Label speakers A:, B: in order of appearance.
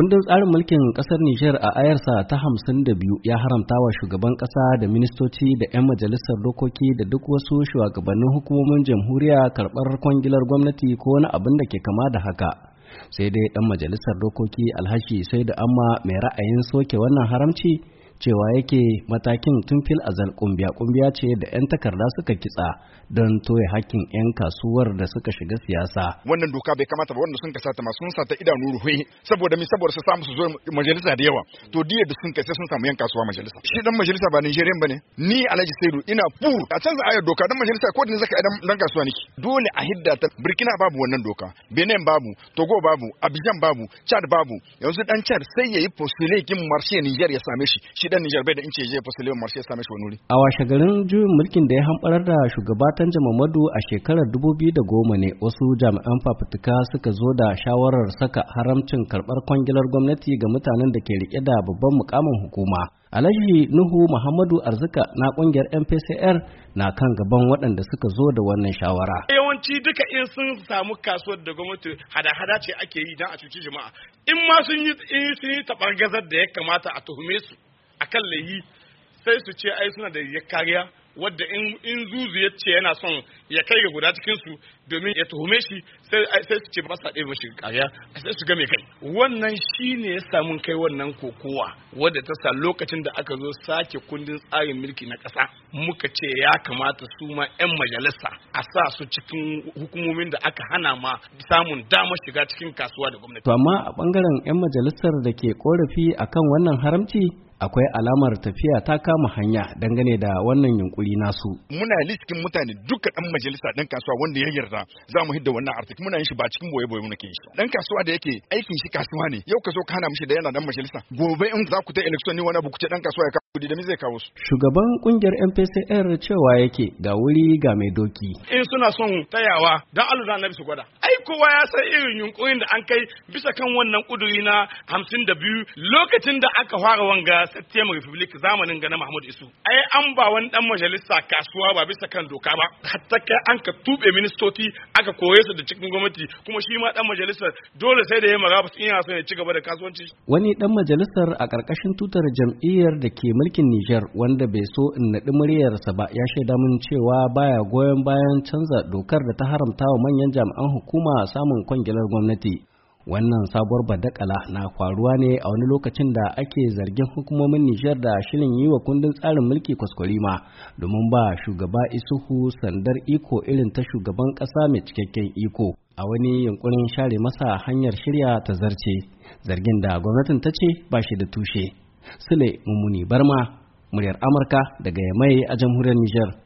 A: Kundin tsarin mulkin ƙasar Nijar a ayarsa ta hamsin da biyu ya haramta wa shugaban ƙasa da ministoci da 'yan majalisar dokoki da duk wasu shugabannin hukumomin jamhuriya karɓar kwangilar gwamnati ko wani abin da ke kama da haka. Sai dai ɗan majalisar dokoki alhashi sai da amma mai ra'ayin soke wannan haramci cewa yake matakin tun fil azal kumbiya-kumbiya ce da 'yan takarda suka kitsa don toye hakkin 'yan kasuwar da suka shiga siyasa.
B: Wannan doka bai kamata ba wanda sun kasa ta masu sun sa idanu ruhi saboda mi saboda su samu su zo majalisa da yawa to diya da sun kasa sun samu 'yan kasuwa majalisa. Shi dan majalisa ba Nigerian bane ni Alhaji Saidu ina pur a canza ayar doka dan majalisa ko da zaka idan dan kasuwa niki dole a hidda ta Burkina babu wannan doka Benin babu Togo babu Abidjan babu Chad babu yanzu dan Chad sai yayi postulate kin marshe Niger ya same shi shi dan Nijar bai da ince je fa Suleiman Marshe ya same wani
A: a washe garin juyin mulkin da ya hamɓarar da shugabatan Jamamadu a shekarar 2010 ne wasu jami'an fafutuka suka zo da shawarar saka haramcin karɓar kwangilar gwamnati ga mutanen da ke rike da babban mukamin hukuma Alhaji Nuhu Muhammadu Arzika na kungiyar MPCR na kan gaban waɗanda suka zo da wannan shawara. Yawanci
C: duka in sun samu kasuwar da gwamnati hada-hada ce ake yi don a cuci jama'a. In ma sun yi taɓar gazar da ya kamata a tuhume su. akan layi sai su ce ai suna da kariya wadda in zuzu ya ce yana son ya kai ga guda cikin su domin ya tuhume shi sai su ce ba sa ɗaya mashi kariya sai su game kai wannan shine ya samu kai wannan kokowa wadda ta sa lokacin da aka zo sake kundin tsarin mulki na ƙasa muka ce ya kamata su ma 'yan majalisa a sa su cikin hukumomin da aka hana ma samun dama shiga cikin kasuwa da gwamnati. To
A: amma a bangaren 'yan majalisar da ke korafi akan wannan haramci akwai alamar tafiya ta kama hanya dangane da wannan yunkuri nasu.
B: Muna liskin mutane duka ɗan majalisa ɗan kasuwa wanda ya yarda za mu hidda wannan artikin muna yin shi ba cikin boye boye kin shi. Ɗan kasuwa da yake aikin shi kasuwa ne yau ka zo ka hana mishi da yana ɗan majalisa gobe in za ku ta election ne wani abu ku ɗan kasuwa ya kawo kuɗi da me zai kawo su.
A: Shugaban ƙungiyar MPCR cewa yake ga wuri ga mai doki.
C: In suna son tayawa dan Allah da Annabi su gwada kowa ya san irin yunkurin da an kai bisa kan wannan kuduri na hamsin da biyu lokacin da aka fara wanga September Republic zamanin gana Mahmud Isu. Ai an ba wani dan majalisa kasuwa ba bisa kan doka ba. Hatta kai an ka tube ministoci aka koye su da cikin gwamnati kuma shi ma dan majalisar dole sai da ya magaba in yana son ya ci gaba da kasuwanci.
A: Wani dan majalisar a karkashin tutar jam'iyyar da ke mulkin niger wanda bai so in naɗi muryarsa ba ya shaida mun cewa baya goyon bayan canza dokar da ta haramta wa manyan jami'an hukuma soma samun kwangilar gwamnati wannan sabuwar badakala na faruwa ne a wani lokacin da ake zargin hukumomin nijar da shirin yi wa kundin tsarin mulki kwaskwarima domin ba shugaba isuhu sandar iko irin ta shugaban ƙasa mai cikakken iko a wani yunkurin share masa hanyar shirya ta zarce zargin da gwamnatin ta ce ba shi da tushe sule mummuni barma muryar amurka daga yamai a jamhuriyar nijar